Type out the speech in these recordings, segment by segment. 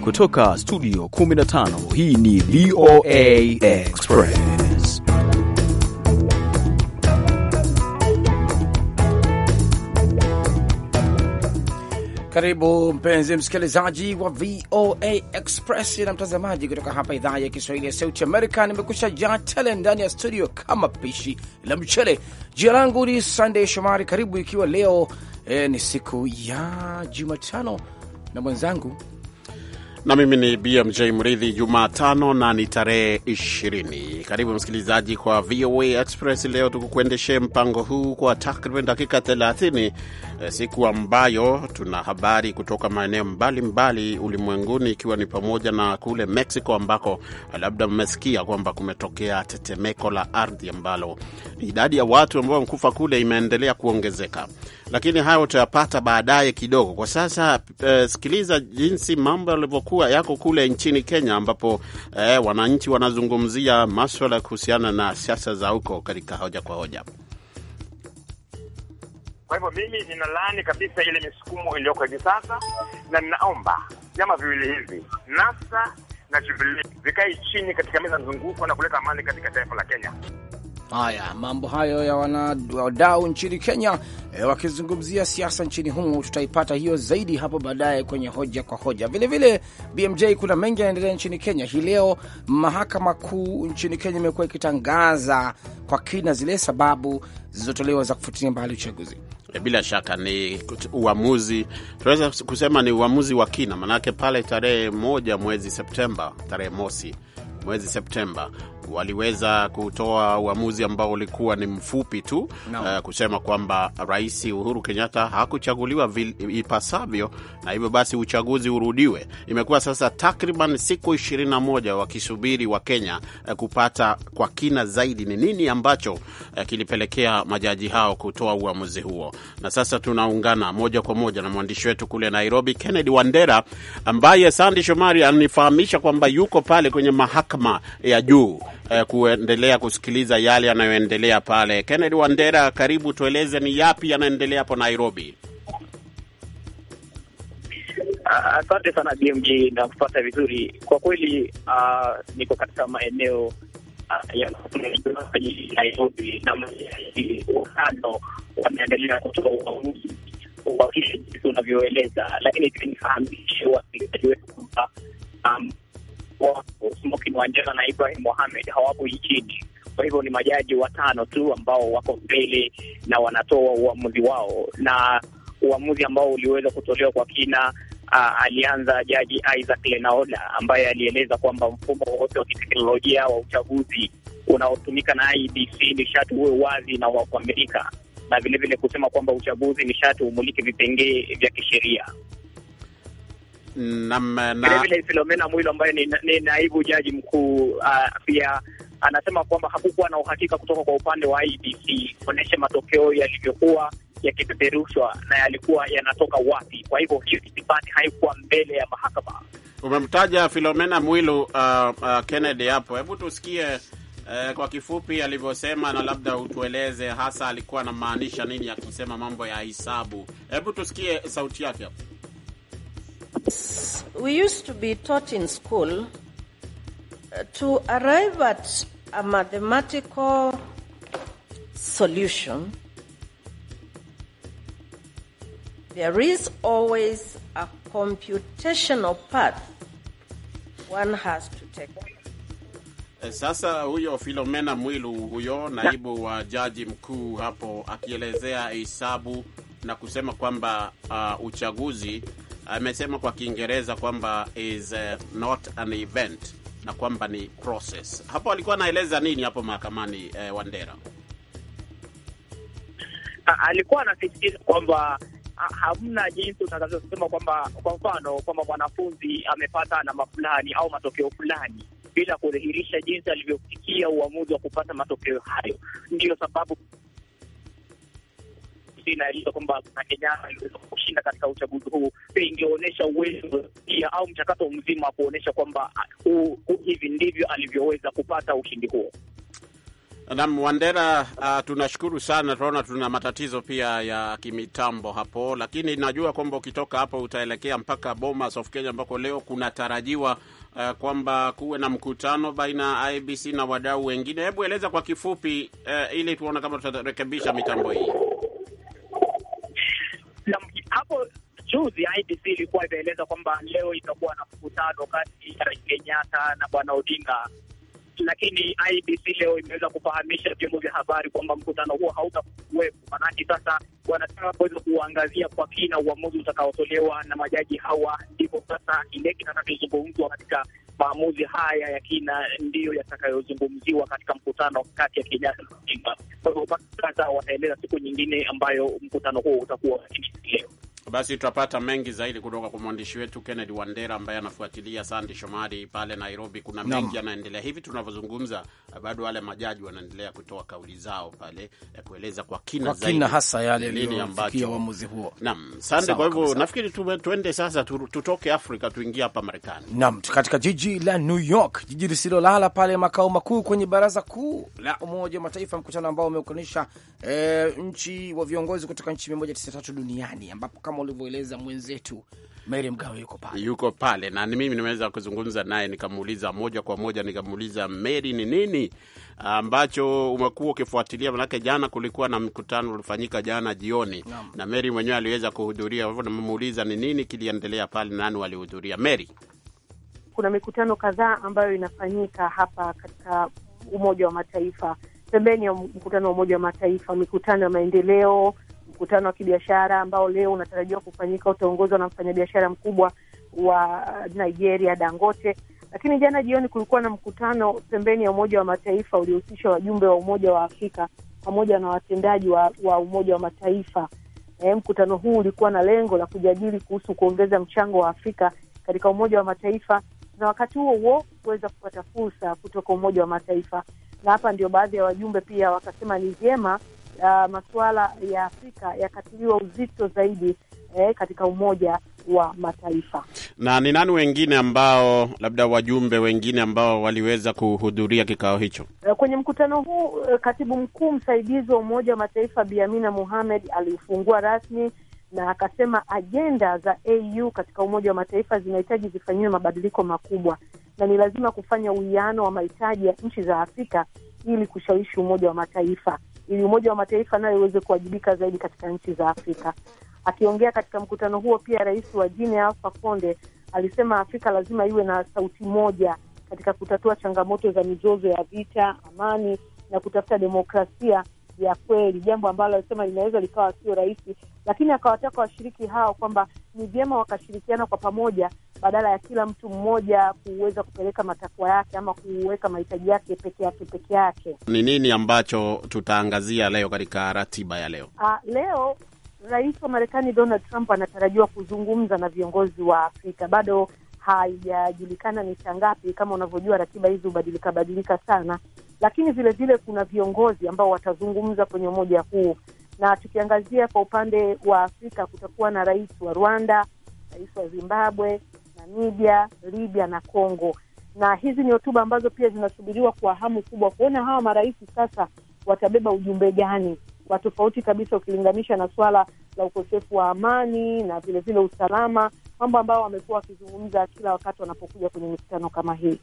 Kutoka studio 15 hii ni VOA Express. Karibu mpenzi msikilizaji wa VOA Express na mtazamaji kutoka hapa idhaa ya Kiswahili ya Sauti Amerika. Nimekusha jaa tele ndani ya studio kama pishi la mchele. Jina langu ni sandey Shomari. Karibu ikiwa leo eh, ni siku ya Jumatano na mwenzangu na mimi ni BMJ Mridhi. Jumatano na ni tarehe ishirini. Karibu msikilizaji kwa VOA Express. Leo tukukuendeshe mpango huu kwa takriban dakika 30, eh, siku ambayo tuna habari kutoka maeneo mbalimbali ulimwenguni, ikiwa ni pamoja na kule Mexico ambako eh, labda mmesikia kwamba kumetokea tetemeko la ardhi ambalo idadi ya watu ambao wamekufa kule imeendelea kuongezeka, lakini hayo utayapata baadaye kidogo. Kwa sasa eh, sikiliza jinsi mambo yalivyo yakuwa, yako kule nchini Kenya ambapo eh, wananchi wanazungumzia maswala kuhusiana na siasa za huko katika hoja kwa hoja. Kwa hivyo mimi laani kabisa ile misukumo iliyoko hivi sasa, na ninaomba vyama viwili hivi NASA na Jubilee vikae chini katika meza mzunguko na kuleta amani katika taifa la Kenya. Haya, mambo hayo ya wanadau nchini Kenya e, wakizungumzia siasa nchini humo. Tutaipata hiyo zaidi hapo baadaye kwenye hoja kwa hoja. Vilevile vile, BMJ, kuna mengi yanaendelea nchini Kenya hii leo. Mahakama Kuu nchini Kenya imekuwa ikitangaza kwa kina zile sababu zilizotolewa za kufutilia mbali uchaguzi. E, bila shaka ni uamuzi, tunaweza kusema ni uamuzi wa kina, manake pale tarehe moja mwezi Septemba, tarehe mosi mwezi Septemba waliweza kutoa uamuzi ambao ulikuwa ni mfupi tu no. uh, eh, kusema kwamba Rais Uhuru Kenyatta hakuchaguliwa ipasavyo na hivyo basi uchaguzi urudiwe. Imekuwa sasa takriban siku 21 wakisubiri wa Kenya uh, kupata kwa kina zaidi ni nini ambacho uh, kilipelekea majaji hao kutoa uamuzi huo, na sasa tunaungana moja kwa moja na mwandishi wetu kule Nairobi, Kennedy Wandera, ambaye Sandi Shomari anifahamisha kwamba yuko pale kwenye mahakama ya juu eh, kuendelea kusikiliza yale yanayoendelea pale. Kennedy Wandera, karibu, tueleze ni yapi yanaendelea hapo Nairobi. Ah, asante sana BMJ na kupata vizuri kwa kweli. Uh, niko katika maeneo uh, ya Nairobi na watano wanaendelea kutoa uamuzi wa kile jinsi unavyoeleza, lakini tunifahamishe wasikilizaji wetu kwamba um, Smokin Wanjala na Ibrahim Mohamed hawapo nchini. Kwa hivyo ni majaji watano tu ambao wako mbele na wanatoa uamuzi wao, na uamuzi ambao uliweza kutolewa kwa kina. Uh, alianza Jaji Isaac Lenaola ambaye alieleza kwamba mfumo wote wa kiteknolojia wa uchaguzi unaotumika na ibc e ni sharti uwe wazi na wa kuaminika, na vilevile kusema kwamba uchaguzi ni sharti umulike vipengee vya kisheria. Vile vile Filomena Mwilo ambaye ni, ni naibu jaji mkuu uh, pia anasema kwamba hakukuwa na uhakika kutoka kwa upande wa IBC kuonyesha matokeo yalivyokuwa yakipeperushwa na yalikuwa yanatoka wapi. Kwa hivyo hiyo ithibati haikuwa mbele ya mahakama. Umemtaja Filomena Mwilu, uh, uh, Kennedy hapo, hebu tusikie uh, kwa kifupi alivyosema, na labda utueleze hasa alikuwa anamaanisha nini ya kusema mambo ya hisabu. Hebu tusikie sauti yake hapo. We used to be taught in school uh, to arrive at a mathematical solution. There is always a computational path one has to take. Eh, sasa huyo Filomena Mwilu huyo naibu wa jaji mkuu hapo akielezea hesabu na kusema kwamba uh, uchaguzi amesema kwa Kiingereza kwamba is uh, not an event na kwamba ni process. Hapo alikuwa anaeleza nini hapo mahakamani eh, Wandera? alikuwa anasisitiza kwamba hamna jinsi utakazosema kwamba kwa mfano kwamba mwanafunzi amepata alama fulani au matokeo fulani bila kudhihirisha jinsi alivyofikia uamuzi wa kupata matokeo hayo. Ndiyo sababu Argentina inaeleza kwamba kuna Kenyatta aliweza kushinda katika uchaguzi huu, pia ingeonyesha uwezo pia au mchakato mzima wa kuonyesha kwamba uh, hivi ndivyo alivyoweza kupata ushindi huo. Nam Wandera, uh, tunashukuru sana. Tunaona tuna matatizo pia ya kimitambo hapo, lakini najua kwamba ukitoka hapo utaelekea mpaka Bomas of Kenya ambako leo kunatarajiwa uh, kwamba kuwe na mkutano baina ya IBC na wadau wengine. Hebu eleza kwa kifupi, uh, ili tuone kama tutarekebisha mitambo hii. Juzi IBC ilikuwa imeeleza kwamba leo itakuwa na mkutano kati ya Rais Kenyatta na bwana Odinga, lakini IBC leo imeweza kufahamisha vyombo vya habari kwamba mkutano huo hautakuwepo. Maanake sasa wanataka kuweza kuangazia kwa kina uamuzi utakaotolewa na majaji hawa, ndipo sasa kile kitakachozungumzwa katika maamuzi haya ya kina ndiyo yatakayozungumziwa katika mkutano kati ya Kenyatta na Odinga. Kwa hivyo sasa wataeleza siku nyingine ambayo mkutano huo utakuwa leo. Basi tutapata mengi zaidi kutoka kwa mwandishi wetu Kennedy Wandera ambaye anafuatilia Sandi Shomari pale Nairobi. Kuna mengi yanaendelea hivi tunavyozungumza, bado wale majaji wanaendelea kutoa kauli zao pale ya eh, kueleza kwa kina, kwa kina hasa yale yaliyofikia uamuzi huo. Naam, Sande. Kwa hivyo nafikiri tuende sasa, tutoke Afrika tuingie hapa Marekani. Naam, katika jiji la New York, jiji lisilolala pale makao makuu, kwenye baraza kuu la Umoja wa Mataifa, mkutano ambao umeunganisha eh, nchi wa viongozi kutoka nchi 193 duniani ambapo kama kama ulivyoeleza mwenzetu Mary Mgawe yuko pale, yuko pale na mimi nimeweza kuzungumza naye, nikamuuliza moja kwa moja, nikamuuliza Mary, ni nini ambacho umekuwa ukifuatilia? Manake jana kulikuwa na mkutano ulifanyika jana jioni na Mary mwenyewe aliweza kuhudhuria, hivyo nimemuuliza ni nini kiliendelea pale, nani walihudhuria? Mary, kuna mikutano kadhaa ambayo inafanyika hapa katika Umoja wa Mataifa, pembeni ya mkutano wa Umoja wa Mataifa, mikutano ya maendeleo mkutano wa kibiashara ambao leo unatarajiwa kufanyika utaongozwa na mfanyabiashara mkubwa wa Nigeria Dangote. Lakini jana jioni kulikuwa na mkutano pembeni ya Umoja wa Mataifa uliohusisha wajumbe wa Umoja wa Afrika pamoja na watendaji wa, wa Umoja wa Mataifa. E, mkutano huu ulikuwa na lengo la kujadili kuhusu kuongeza mchango wa Afrika katika Umoja wa Mataifa na wakati huo huo kuweza kupata fursa kutoka Umoja wa Mataifa, na hapa ndio baadhi ya wajumbe pia wakasema ni vyema uh, masuala ya Afrika yakatiliwa uzito zaidi eh, katika Umoja wa Mataifa. Na ni nani wengine ambao labda wajumbe wengine ambao waliweza kuhudhuria kikao hicho? Eh, kwenye mkutano huu, eh, katibu mkuu msaidizi wa Umoja wa Mataifa Bi Amina Mohamed aliufungua rasmi na akasema ajenda za AU katika Umoja wa Mataifa zinahitaji zifanyiwe mabadiliko makubwa na ni lazima kufanya uwiano wa mahitaji ya nchi za Afrika ili kushawishi Umoja wa Mataifa ili Umoja wa Mataifa nayo iweze kuwajibika zaidi katika nchi za Afrika. Akiongea katika mkutano huo pia, rais wa Guinea Alpha Konde alisema Afrika lazima iwe na sauti moja katika kutatua changamoto za mizozo ya vita, amani na kutafuta demokrasia ya kweli, jambo ambalo alisema linaweza likawa sio rahisi, lakini akawataka washiriki hao kwamba ni vyema wakashirikiana kwa pamoja badala ya kila mtu mmoja kuweza kupeleka matakwa yake ama kuweka mahitaji yake peke yake peke yake. Ni nini ambacho tutaangazia leo katika ratiba ya leo? A, ah, leo rais wa Marekani Donald Trump anatarajiwa kuzungumza na viongozi wa Afrika. Bado haijajulikana ni saa ngapi. Kama unavyojua ratiba hizi hubadilika badilika sana, lakini vile vile kuna viongozi ambao watazungumza kwenye umoja huu, na tukiangazia kwa upande wa Afrika kutakuwa na rais wa Rwanda, rais wa Zimbabwe, Namibia, Libya na Congo, na hizi ni hotuba ambazo pia zinasubiriwa kwa hamu kubwa kuona hawa marais sasa watabeba ujumbe gani wa tofauti kabisa ukilinganisha na swala la ukosefu wa amani na vilevile usalama, mambo ambao wamekuwa wakizungumza kila wakati wanapokuja kwenye mikutano kama hii.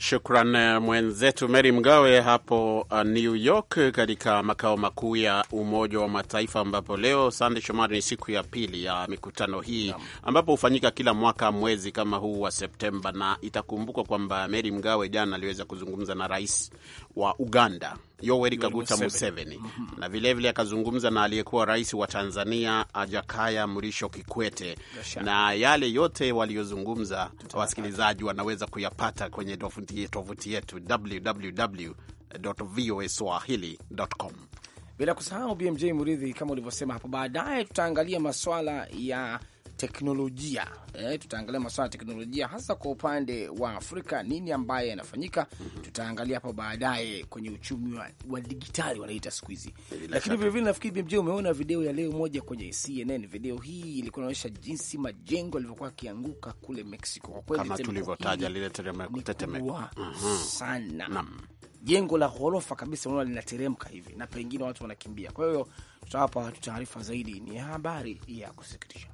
Shukran eh, mwenzetu Mary Mgawe hapo eh, New York katika makao makuu ya Umoja wa Mataifa, ambapo leo Sande Shomari ni siku ya pili ya mikutano hii ambapo hufanyika kila mwaka mwezi kama huu wa Septemba, na itakumbukwa kwamba Mary Mgawe jana aliweza kuzungumza na rais wa Uganda Yoweri Kaguta Museveni, mm -hmm. na vilevile akazungumza na aliyekuwa rais wa Tanzania Jakaya Mrisho Kikwete Dasha. Na yale yote waliyozungumza, wasikilizaji wanaweza kuyapata kwenye tovuti yetu www.voaswahili.com. Bila kusahau BMJ Muridhi, kama ulivyosema hapo, baadaye tutaangalia maswala ya teknolojia. E, tutaangalia masuala ya teknolojia hasa kwa upande wa Afrika, nini ambaye yanafanyika. mm -hmm. Tutaangalia hapo baadaye kwenye uchumi wa, wa digitali wanaita siku hizi, lakini vilevile nafikiri BMJ umeona video ya leo moja kwenye CNN. Video hii ilikuwa inaonyesha jinsi majengo yalivyokuwa yakianguka kule Mexico, kwa kweli kama tulivyotaja lile tetemeko mhm. sana Nam. Jengo la ghorofa kabisa unaona linateremka hivi na pengine watu wanakimbia. Kwa hiyo tutawapa watu taarifa zaidi. Ni habari ya kusikitisha.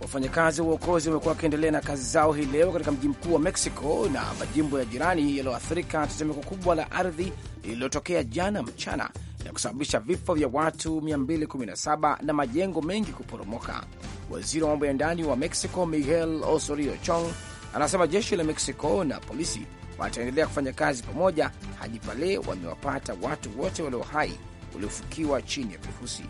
Wafanyakazi wa uokozi wamekuwa wakiendelea na kazi zao hii leo katika mji mkuu wa Mexico na majimbo ya jirani yaliyoathirika tetemeko kubwa la ardhi lililotokea jana mchana na kusababisha vifo vya watu 217 na majengo mengi kuporomoka. Waziri wa mambo ya ndani wa Mexico Miguel Osorio Chong Anasema jeshi la Meksiko na polisi wataendelea kufanya kazi pamoja hadi pale wamewapata watu wote walio hai waliofukiwa chini ya vifusi.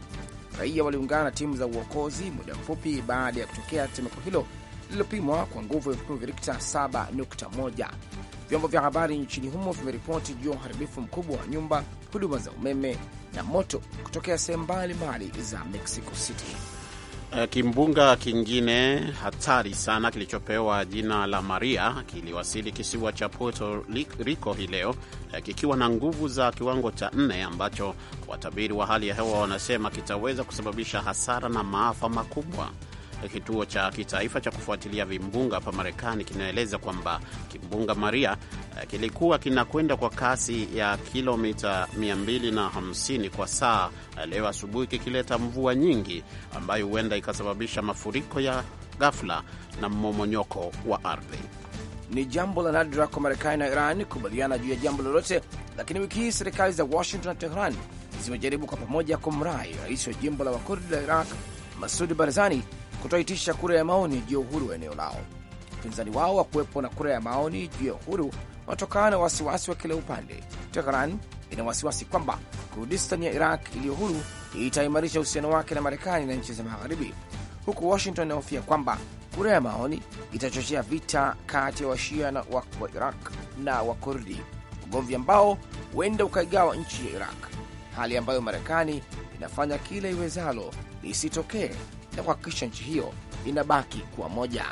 Raia waliungana na timu za uokozi muda mfupi baada ya kutokea tetemeko hilo lililopimwa kwa nguvu ya vipimo vya Rikta 7.1. Vyombo vya habari nchini humo vimeripoti juu ya uharibifu mkubwa wa nyumba, huduma za umeme na moto kutokea sehemu mbalimbali za Mexico City. Eh, kimbunga kingine hatari sana kilichopewa jina la Maria kiliwasili kisiwa cha Puerto Rico hii leo eh, kikiwa na nguvu za kiwango cha nne ambacho watabiri wa hali ya hewa wanasema kitaweza kusababisha hasara na maafa makubwa. Eh, kituo cha kitaifa cha kufuatilia vimbunga hapa Marekani kinaeleza kwamba kimbunga Maria Eh, kilikuwa kinakwenda kwa kasi ya kilomita 250 kwa saa eh, leo asubuhi, kikileta mvua nyingi ambayo huenda ikasababisha mafuriko ya ghafla na mmomonyoko wa ardhi. Ni jambo la nadra kwa Marekani na Iran kukubaliana juu ya jambo lolote, lakini wiki hii serikali za Washington na Tehran zimejaribu kwa pamoja kumrai rais wa jimbo la wakurdi la Iraq Masudi Barzani kutoitisha kura ya maoni juu ya uhuru wa eneo lao. Upinzani wao wa kuwepo na kura ya maoni juu ya uhuru unatokana na wasiwasi wa kila upande. Tehran ina wasiwasi kwamba Kurdistan ya Iraq iliyo huru itaimarisha uhusiano wake na Marekani na nchi za Magharibi, huku Washington inahofia kwamba kura ya maoni itachochea vita kati ya Washia na wa, wa Iraq na Wakurdi, ugomvi ambao huenda ukaigawa nchi ya Iraq, hali ambayo Marekani inafanya kila iwezalo isitokee na kuhakikisha nchi hiyo inabaki kuwa moja.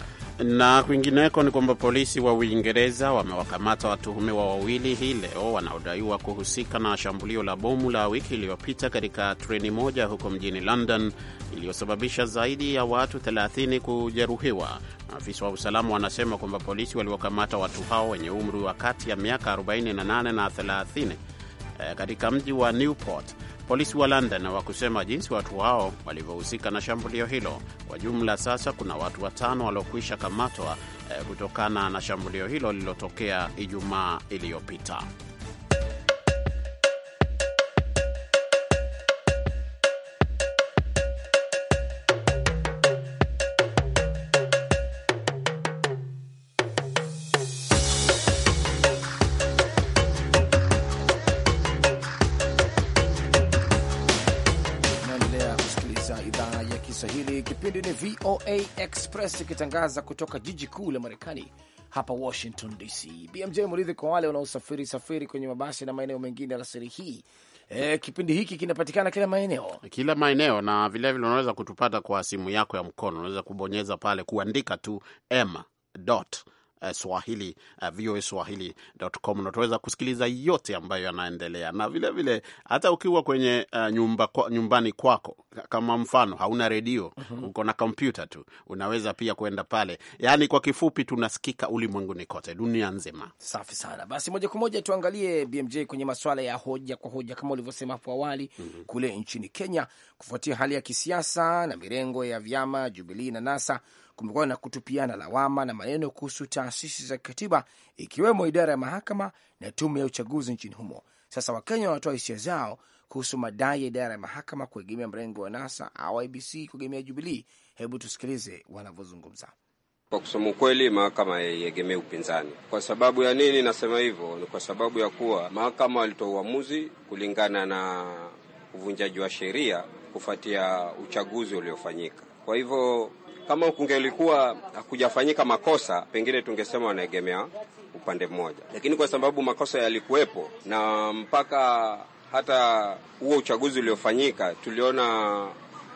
Na kwingineko ni kwamba polisi wa Uingereza wamewakamata watuhumiwa wawili hii leo wanaodaiwa kuhusika na shambulio la bomu la wiki iliyopita katika treni moja huko mjini London iliyosababisha zaidi ya watu 30 kujeruhiwa. Maafisa wa usalama wanasema kwamba polisi waliokamata watu hao wenye umri wa kati ya miaka 48 na 30 eh, katika mji wa Newport Polisi wa London wa kusema jinsi watu hao walivyohusika na shambulio hilo. Kwa jumla, sasa kuna watu watano waliokwisha kamatwa eh, kutokana na shambulio hilo lililotokea Ijumaa iliyopita. Kiswahili. Kipindi ni VOA Express ikitangaza kutoka jiji kuu la Marekani, hapa Washington DC. BMJ Muridhi, kwa wale wanaosafiri safiri kwenye mabasi na maeneo mengine alasiri hii E, kipindi hiki kinapatikana kila maeneo, kila maeneo, na vilevile unaweza kutupata kwa simu yako ya mkono. Unaweza kubonyeza pale kuandika tu m dot Eh, Swahili eh, VOA Swahili.com. utaweza kusikiliza yote ambayo yanaendelea, na vilevile vile, hata ukiwa kwenye uh, nyumba, nyumbani kwako kama mfano hauna redio mm -hmm. uko na kompyuta tu unaweza pia kwenda pale, yaani kwa kifupi tunasikika ulimwenguni kote, dunia nzima. Safi sana. Basi moja kwa moja tuangalie BMJ kwenye masuala ya hoja kwa hoja kama ulivyosema hapo awali mm -hmm. kule nchini Kenya kufuatia hali ya kisiasa na mirengo ya vyama Jubilii na NASA kumekuwa na kutupiana lawama na maneno kuhusu taasisi za kikatiba ikiwemo idara ya mahakama na tume ya uchaguzi nchini humo. Sasa Wakenya wanatoa hisia zao kuhusu madai ya idara ya mahakama kuegemea mrengo wa NASA au IBC kuegemea Jubilii. Hebu tusikilize wanavyozungumza. Kwa kusema ukweli, mahakama haiegemei upinzani. Kwa sababu ya nini nasema hivyo? Ni kwa sababu ya kuwa mahakama walitoa uamuzi kulingana na uvunjaji wa sheria kufuatia uchaguzi uliofanyika. Kwa hivyo kama kungelikuwa hakujafanyika makosa, pengine tungesema wanaegemea upande mmoja, lakini kwa sababu makosa yalikuwepo na mpaka hata huo uchaguzi uliofanyika, tuliona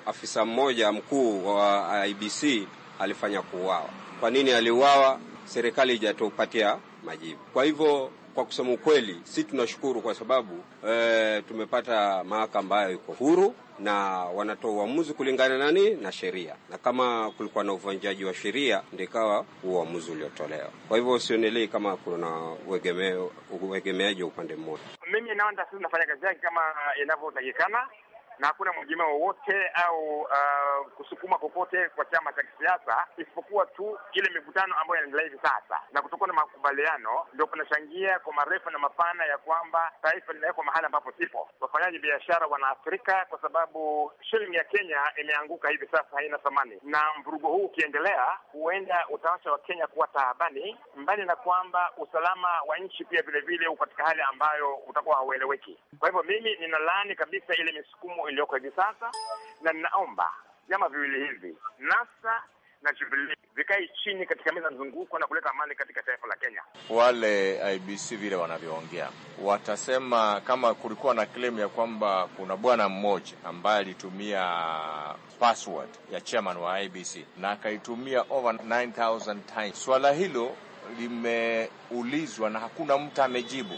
afisa mmoja mkuu wa IBC alifanya kuuawa. Kwa nini aliuawa? Serikali haijatupatia majibu. Kwa hivyo kwa kusema ukweli, si tunashukuru kwa sababu e, tumepata mahakama ambayo iko huru na wanatoa uamuzi kulingana nani na sheria, na kama kulikuwa na uvunjaji wa sheria ndio ikawa uamuzi uliotolewa. Kwa hivyo sionelei kama kuna uegemeaji wa upande mmoja. Mimi naona taasisi nafanya kazi yake kama inavyotakikana na hakuna mwingine wowote au uh, kusukuma kokote kwa chama cha kisiasa isipokuwa tu ile mivutano ambayo inaendelea hivi sasa, na kutokuwa na makubaliano ndio kunachangia kwa marefu na mapana ya kwamba taifa linawekwa mahali ambapo sipo. Wafanyaji biashara wanaathirika kwa sababu shilingi ya Kenya imeanguka hivi sasa, haina thamani, na mvurugo huu ukiendelea, huenda utawacha Wakenya kuwa taabani, mbali na kwamba usalama wa nchi pia vilevile uko katika hali ambayo utakuwa haueleweki. Kwa hivyo mimi ninalaani kabisa ile misukumo iliyoko hivi sasa, na ninaomba vyama viwili hivi NASA na Jubilee vikae chini katika meza mzunguko na kuleta amani katika taifa la Kenya. Wale IBC vile wanavyoongea, watasema kama kulikuwa na claim ya kwamba kuna bwana mmoja ambaye alitumia password ya chairman wa IBC na akaitumia over 9000 times. Swala hilo limeulizwa na hakuna mtu amejibu,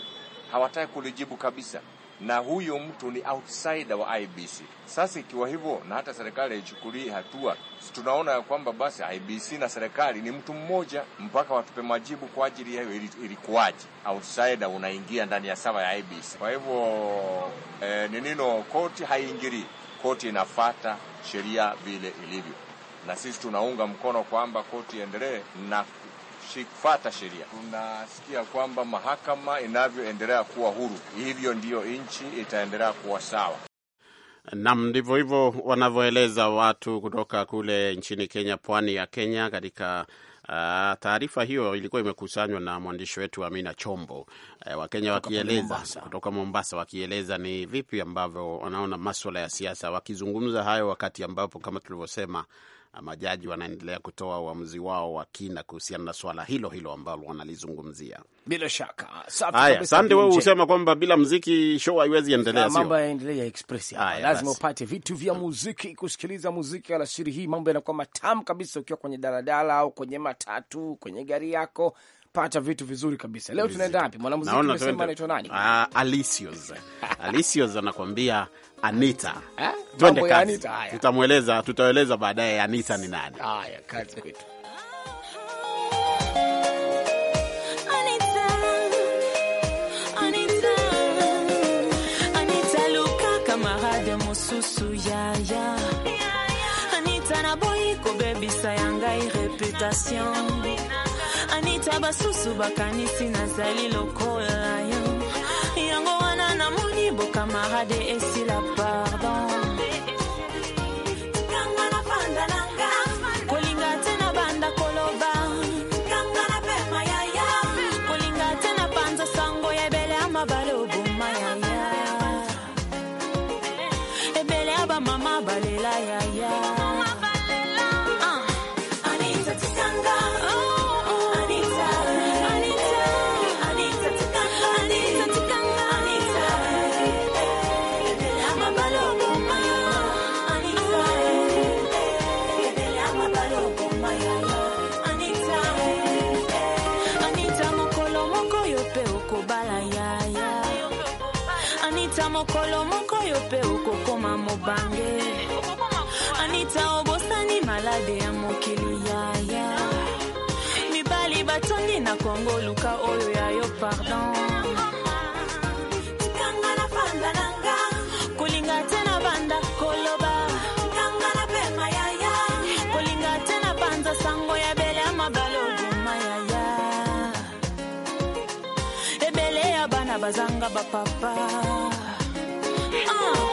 hawataki kulijibu kabisa na huyo mtu ni outsider wa IBC. Sasa ikiwa hivyo na hata serikali haichukulii hatua, tunaona ya kwamba basi IBC na serikali ni mtu mmoja, mpaka watupe majibu kwa ajili ya ilikuwaje outsider unaingia ndani ya sawa ya IBC. Kwa hivyo e, ni nino, koti haiingilii, koti inafata sheria vile ilivyo, na sisi tunaunga mkono kwamba koti endelee na kufata sheria. Tunasikia kwamba mahakama inavyoendelea kuwa huru, hivyo ndiyo nchi itaendelea kuwa sawa. Nam, ndivyo hivyo wanavyoeleza watu kutoka kule nchini Kenya, pwani ya Kenya. Katika uh, taarifa hiyo ilikuwa imekusanywa na mwandishi wetu Amina Chombo. Uh, eh, Wakenya wakieleza kutoka Mombasa, wakieleza ni vipi ambavyo wanaona maswala ya siasa, wakizungumza hayo wakati ambapo kama tulivyosema majaji wanaendelea kutoa uamuzi wao wa kina kuhusiana na swala hilo hilo ambalo wanalizungumzia. Bila shaka, haya Sande, wewe husema kwamba bila mziki show haiwezi endelea, ah, mambo yaendelea express Haya, lazima upate vitu vya muziki, kusikiliza muziki alasiri hii, mambo yanakuwa matamu kabisa ukiwa kwenye daladala au kwenye matatu, kwenye gari yako pata vitu vizuri kabisa. Leo tunaenda wapi? Mwanamuziki anaitwa nani? Ah, Alisios, Alisios anakuambia Anita. Eh? Twende kazi. Tutamweleza, tutaeleza baadaye Anita ni nani. Haya, kazi kwetu. Anita basusu bakanisi nazali lokola camarade et si la pardon. na Kongo luka oyo banda koloba kulinga tena panza sango ya bele ya mabalo duma yaya ebele ya bana bazanga bapapa uh. Ah,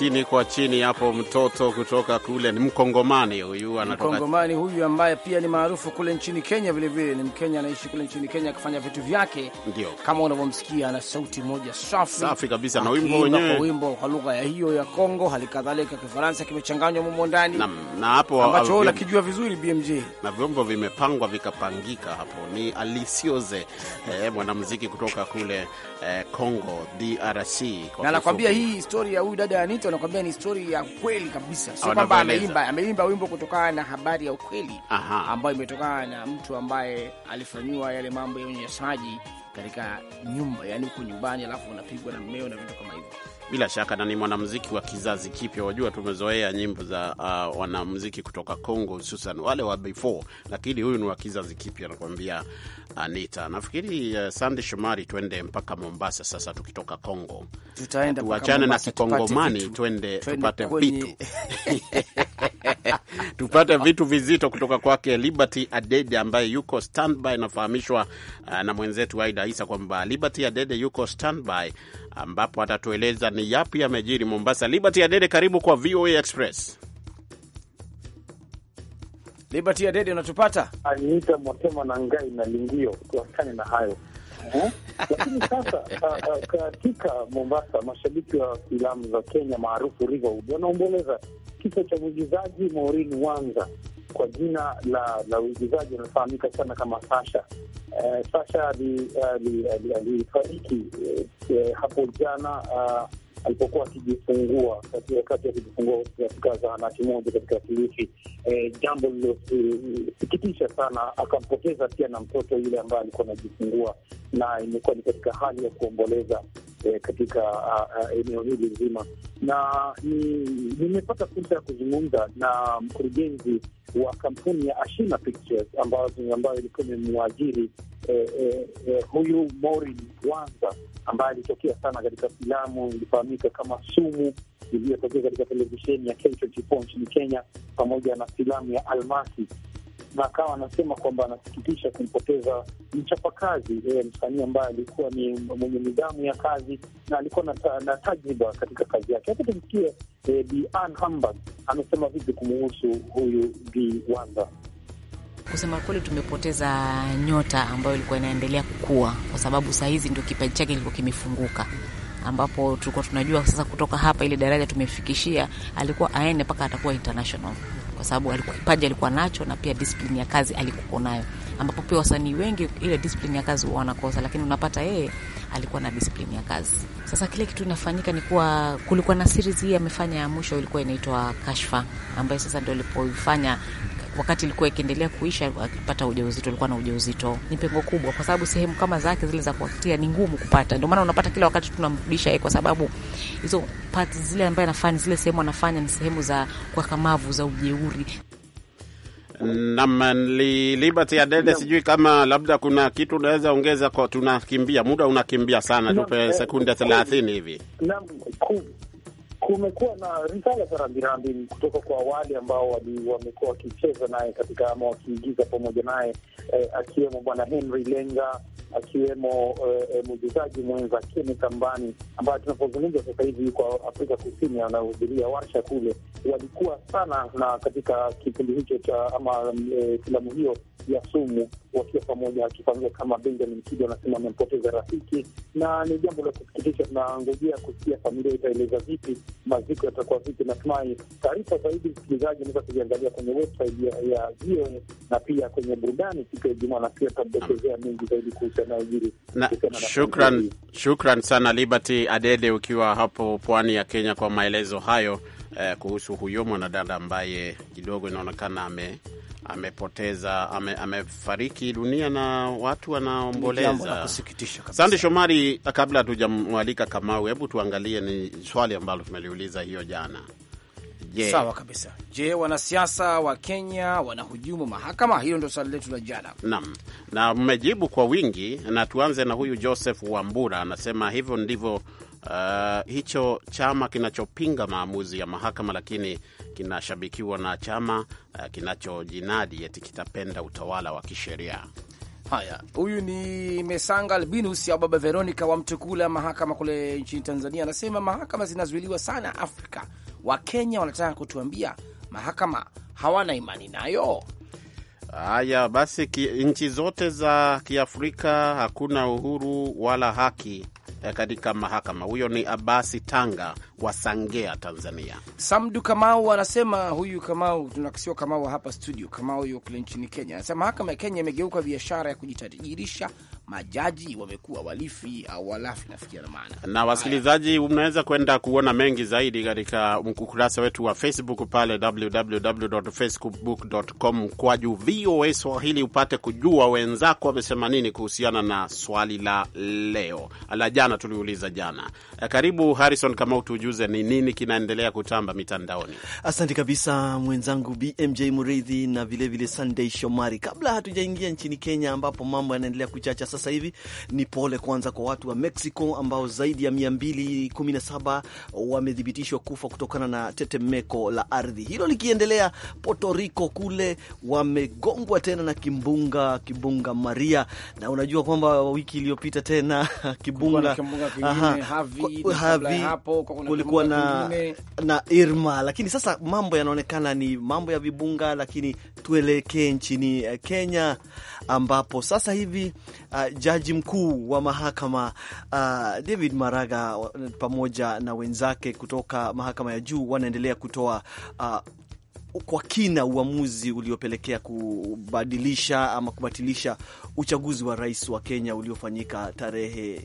chini kwa chini hapo, mtoto kutoka kule, ni mkongomani huyu, anatoka mkongomani huyu ambaye pia ni maarufu kule nchini Kenya vilevile vile. Ni Mkenya anaishi kule nchini Kenya akifanya vitu vyake, ndio kama unavyomsikia, ana sauti moja safi safi kabisa, na wimbo wenyewe wimbo kwa lugha ya hiyo ya Kongo, halikadhalika Kifaransa kimechanganywa mumo ndani na, na hapo ambacho wewe unakijua vizuri BMJ, na vyombo vimepangwa vikapangika hapo. Ni Alisioze eh, mwanamuziki kutoka kule Eh, Congo DRC. Na nakwambia hii histori ya huyu dada Anita, anakwambia ni histori ya kweli kabisa, sio kwamba ameimba ameimba wimbo kutokana na habari ya ukweli ambayo imetokana na mtu ambaye alifanyiwa yale mambo ya unyanyasaji katika nyumba, yani huko nyumbani, alafu unapigwa na mmeo na vitu kama hivyo bila shaka na ni mwanamuziki wa kizazi kipya. Wajua, tumezoea nyimbo za uh, wanamuziki kutoka Congo hususan wale wa before, lakini huyu ni wa kizazi kipya, nakuambia Anita. Nafikiri uh, Sande Shomari, twende mpaka Mombasa sasa. Tukitoka Congo tuachane na Kikongomani, twende tupate vitu tupate vitu vizito kutoka kwake Liberty Adede ambaye yuko standby. Nafahamishwa uh, na mwenzetu Aida Isa kwamba Liberty Adede yuko standby, ambapo atatueleza ni yapi yamejiri Mombasa. Liberty Adede, karibu kwa VOA Express. Liberty Adede, unatupata? Aniita na ngai na lingio, tuachane na hayo eh? lakini sasa uh, uh, katika Mombasa, mashabiki wa filamu za Kenya maarufu Riverwood wanaomboleza kifo cha mwigizaji Maureen Wanza kwa jina la la uigizaji anafahamika sana kama Sasha. Eh, Sasha alifariki eh, eh, hapo jana uh, alipokuwa akijifungua wakati akijifungua katika zahanati moja katika Kilifi, eh, jambo lilosikitisha eh, sana. Akampoteza pia na mtoto yule ambaye alikuwa anajifungua, na imekuwa ni katika hali ya kuomboleza eh, katika ah, ah, eneo hili nzima, na nimepata ni fursa ya kuzungumza na mkurugenzi wa kampuni ya Ashina Pictures ambayo ilikuwa imemwajiri eh, eh, eh, huyu mori Wanza ambaye alitokea sana katika filamu ilifahamika kama Sumu iliyotokea katika televisheni ya K24 nchini Kenya pamoja na filamu ya Almasi na akawa anasema kwamba anasikitisha kumpoteza mchapakazi, yeye msanii ambaye alikuwa ni mwenye nidhamu ya kazi na alikuwa na tajriba katika kazi yake. Hata tumsikie eh, Bi Ann Hamburg amesema vipi kumuhusu huyu Bi Wanda. Kusema kweli, tumepoteza nyota ambayo ilikuwa inaendelea kukua, kwa sababu saa hizi ndio kipaji chake kilikuwa kimefunguka ambapo tulikuwa tunajua sasa kutoka hapa ile daraja tumefikishia, alikuwa aende mpaka atakuwa international kwa sababu kipaji alikuwa nacho na pia disiplini ya kazi alikuwa nayo, ambapo pia wasanii wengi ile disiplini ya kazi wanakosa, lakini unapata yeye alikuwa na disiplini ya kazi. Sasa kile kitu inafanyika ni kuwa kulikuwa na series hii amefanya ya mwisho ilikuwa inaitwa Kashfa, ambayo sasa ndio alipoifanya wakati ilikuwa ikiendelea kuisha, akipata ujauzito, alikuwa na ujauzito. Ni pengo kubwa, kwa sababu sehemu kama zake zile za kuakitia ni ngumu kupata. Ndio maana unapata kila wakati tunamrudisha yeye, kwa sababu hizo parts zile ambaye anafanya zile sehemu anafanya ni sehemu za kwa kamavu za ujeuri. Nam li, Liberty Adede, sijui kama labda kuna kitu unaweza ongeza. Tunakimbia, muda unakimbia sana, tupe eh, sekunde thelathini hivi. Naam, kumekuwa na risala za rambirambi kutoka kwa wale ambao wamekuwa wakicheza naye katika ama wakiigiza pamoja naye eh, akiwemo bwana Henry Lenga, akiwemo eh, eh mwigizaji mwenza Kenneth Ambani ambayo tunapozungumza sasa hivi yuko Afrika Kusini, anahudhuria warsha kule. Walikuwa sana na katika kipindi hicho cha ama eh, filamu hiyo ya Sumu wakiwa pamoja wakifamilia kama Benjamin Kido anasema amempoteza rafiki, na ni jambo la kusikitisha. Tunangojea kusikia familia itaeleza vipi, maziko yatakuwa vipi. Natumai taarifa zaidi, msikilizaji, unaweza kuziangalia kwenye website ya, ya VOA na pia kwenye burudani siku ya Ijumaa, na pia tutadokezea mengi zaidi kuhusu yanayojiri. Shukran, shukran sana Liberty Adede ukiwa hapo pwani ya Kenya kwa maelezo hayo eh, kuhusu huyo mwanadada ambaye kidogo inaonekana ame amepoteza ame, amefariki dunia na watu wanaomboleza. Sande Shomari, kabla hatujamwalika Kamau, hebu tuangalie ni swali ambalo tumeliuliza hiyo jana. Yeah. sawa kabisa. Je, wanasiasa wa Kenya wanahujumu mahakama? Hilo ndio swali letu la jana. Naam, na mmejibu kwa wingi, na tuanze na huyu Joseph Wambura anasema hivyo ndivyo uh, hicho chama kinachopinga maamuzi ya mahakama, lakini kinashabikiwa na chama uh, kinachojinadi eti kitapenda utawala wa kisheria. Haya, huyu ni Mesanga Albinus au Baba Veronica wa Mtukula, mahakama kule nchini Tanzania. Anasema mahakama zinazuiliwa sana Afrika. Wakenya wanataka kutuambia mahakama hawana imani nayo. Haya basi, nchi zote za Kiafrika hakuna uhuru wala haki Eh, katika mahakama. Huyo ni Abasi Tanga wa Sangea, Tanzania. Samdu Kamau anasema huyu Kamau tunakisiwa Kamau hapa studio, Kamau yuko kule nchini Kenya, anasema mahakama ya Kenya imegeuka biashara ya kujitajirisha majaji wamekuwa walifi au walafi, nafikia na maana. Na wasikilizaji, mnaweza kwenda kuona mengi zaidi katika ukurasa wetu wa Facebook pale www.facebook.com kwaju VOA Swahili, upate kujua wenzako wamesema nini kuhusiana na swali la leo la jana, tuliuliza jana. Eh, karibu Harrison, kama utujuze ni nini kinaendelea kutamba mitandaoni. Asante kabisa mwenzangu BMJ Mureithi na vilevile Sunday Shomari. Kabla hatujaingia nchini Kenya ambapo mambo yanaendelea kuchacha sasa sasa hivi. Ni pole kwanza kwa watu wa Mexico ambao zaidi ya 217 wamethibitishwa kufa kutokana na tetemeko la ardhi. Hilo likiendelea, Puerto Rico kule wamegongwa tena na kimbunga, kimbunga Maria, na unajua kwamba wiki iliyopita tena kimbunga kulikuwa na, na Irma, lakini sasa mambo yanaonekana ni mambo ya vibunga, lakini tuelekee nchini eh, Kenya ambapo sasa hivi uh, jaji mkuu wa mahakama uh, David Maraga uh, pamoja na wenzake kutoka mahakama ya juu wanaendelea kutoa uh, kwa kina uamuzi uliopelekea kubadilisha ama kubatilisha uchaguzi wa rais wa Kenya uliofanyika tarehe,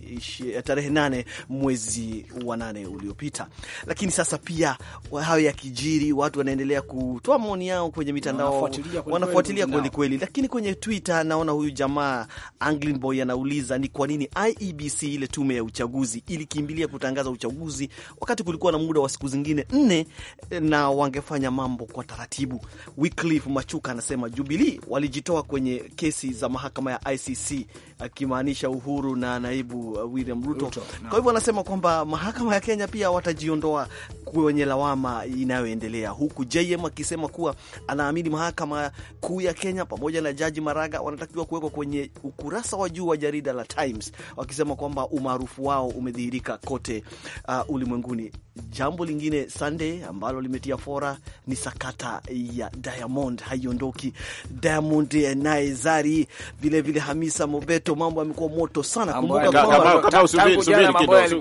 tarehe nane mwezi wa nane uliopita. Lakini sasa pia hayo yakijiri, watu wanaendelea kutoa maoni yao kwenye mitandao, wanafuatilia kweli kweli. Lakini kwenye Twitter naona huyu jamaa Anglin Boy anauliza ni kwa nini IEBC ile tume ya uchaguzi ilikimbilia kutangaza uchaguzi wakati kulikuwa na muda wa siku zingine nne eh, na wangefanya mambo kwa taratibu. Wycliffe Machuka anasema Jubilee walijitoa kwenye kesi za mahakama ya ICC akimaanisha Uhuru na naibu uh, William Ruto, Ruto. Kwa hivyo anasema kwamba mahakama ya Kenya pia watajiondoa kwenye lawama inayoendelea, huku JM akisema kuwa anaamini mahakama kuu ya Kenya pamoja na jaji Maraga wanatakiwa kuwekwa kwenye ukurasa wa juu wa jarida la Times, wakisema kwamba umaarufu wao umedhihirika kote uh, ulimwenguni. Jambo lingine Sunday ambalo limetia fora ni sakata ya Diamond, haiondoki Diamond eh, naye Zari vilevile Hamisa Mobet mseto, mambo yamekuwa moto sana.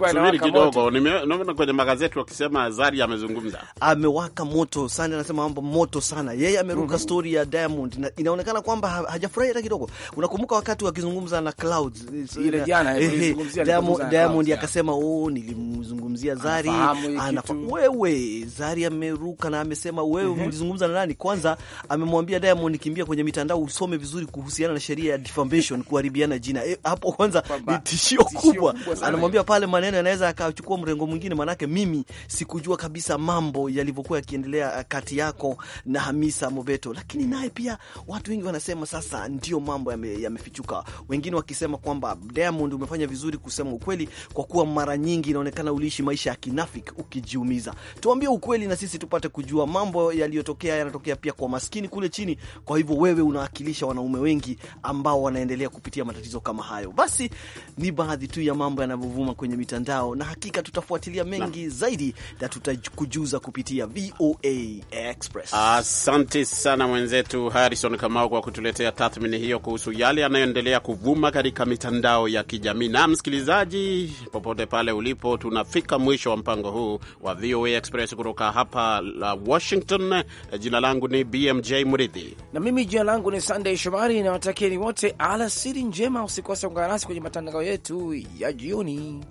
subiri kidogo, nimeona kwenye magazeti wakisema Zari amezungumza, amewaka moto sana, anasema mambo moto sana. Yeye ameruka mm-hmm. stori ya Diamond na inaonekana kwamba hajafurahi hata kidogo. Unakumbuka wakati wakizungumza na Clouds eh, ile jana, eh, Diamond akasema oh, nilimzungumzia Zari, wewe, Zari ameruka na amesema wewe ulizungumza mm-hmm. na nani? Kwanza amemwambia Diamond, kimbia kwenye mitandao usome vizuri kuhusiana na sheria ya defamation, kuharibiana hana jina e, hapo kwanza ni tishio kubwa. Anamwambia pale maneno yanaweza akachukua mrengo mwingine, manake mimi sikujua kabisa mambo yalivyokuwa yakiendelea eh, kati yako na Hamisa Mobeto. Lakini naye pia watu wengi wanasema sasa ndio mambo yamefichuka, yame wengine wakisema kwamba Diamond, umefanya vizuri kusema ukweli, kwa kuwa mara nyingi inaonekana uliishi maisha ya kinafiki ukijiumiza. Tuambie ukweli na sisi tupate kujua mambo yaliyotokea, yanatokea pia kwa maskini kule chini. Kwa hivyo wewe unawakilisha wanaume wengi ambao wanaendelea kupitia matatizo matatizo kama hayo. Basi ni baadhi tu ya mambo yanavyovuma kwenye mitandao, na hakika tutafuatilia mengi na zaidi na tutakujuza kupitia VOA Express. Asante sana mwenzetu Harrison Kamau kwa kutuletea tathmini hiyo kuhusu yale yanayoendelea kuvuma katika mitandao ya kijamii. Na msikilizaji, popote pale ulipo, tunafika mwisho wa mpango huu wa VOA Express kutoka hapa la Washington. Jina langu ni BMJ Mridhi na mimi jina langu ni Sunday Shomari, na wote alasiri njema njema. Usikose kuungana nasi kwenye matangazo yetu ya jioni.